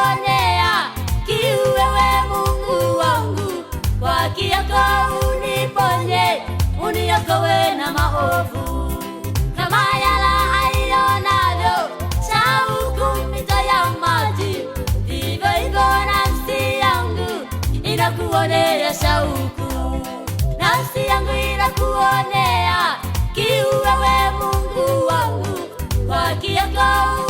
umenionea Mungu wangu, kwa haki yako uniponye, na maovu. shauku, nafsi yangu inakuonea kiu, wewe Mungu wangu, kwa haki yako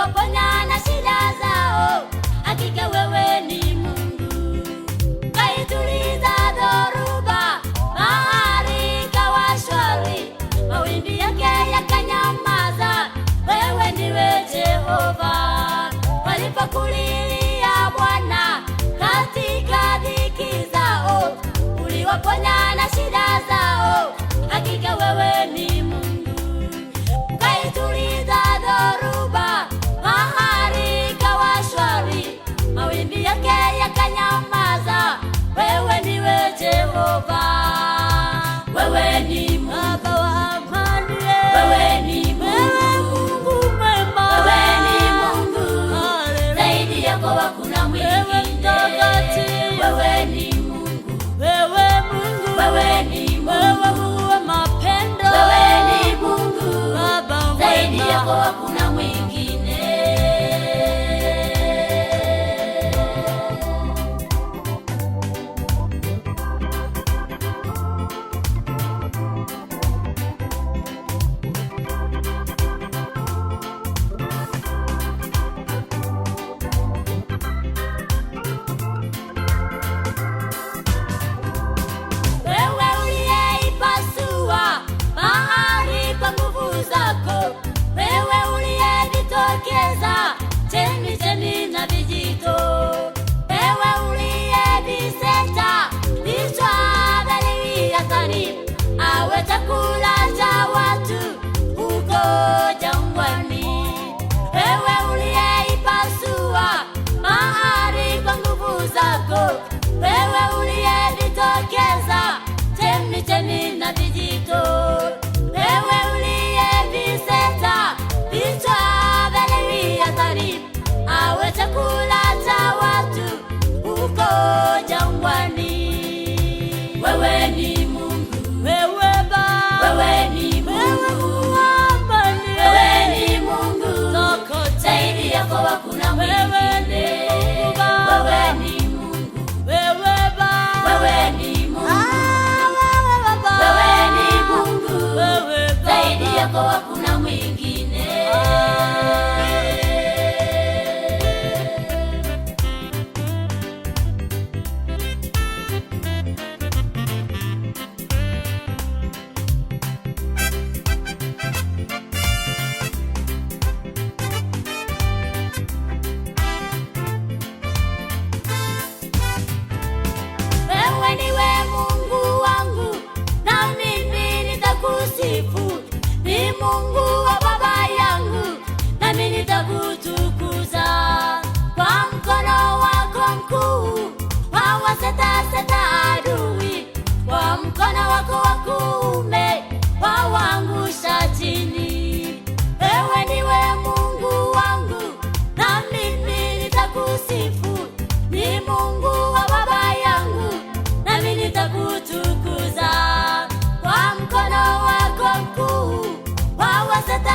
waponya na shida zao, hakika wewe É boa Mungu wa baba yangu, nami nitakutukuza kwa mkono wako mkuu, adui kwa mkono wako wa kuume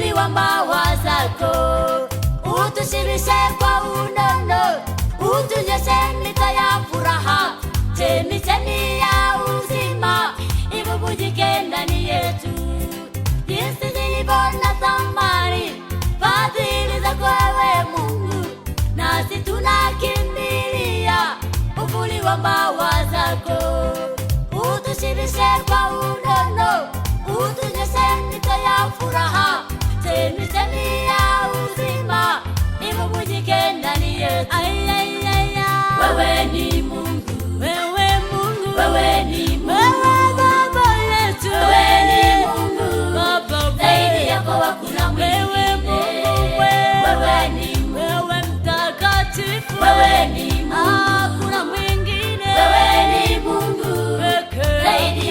uzuri wa mbawa zako, utushibishe kwa unono, utunyeshe mito ya furaha, chemichemi ya uzima ibubujike ndani yetu, jinsi zilivyo na thamani fadhili zako ewe Mungu, nasi tunakimbilia uvuli wa mbawa zako, utushibishe kwa unono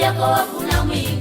yako hakuna mwingi.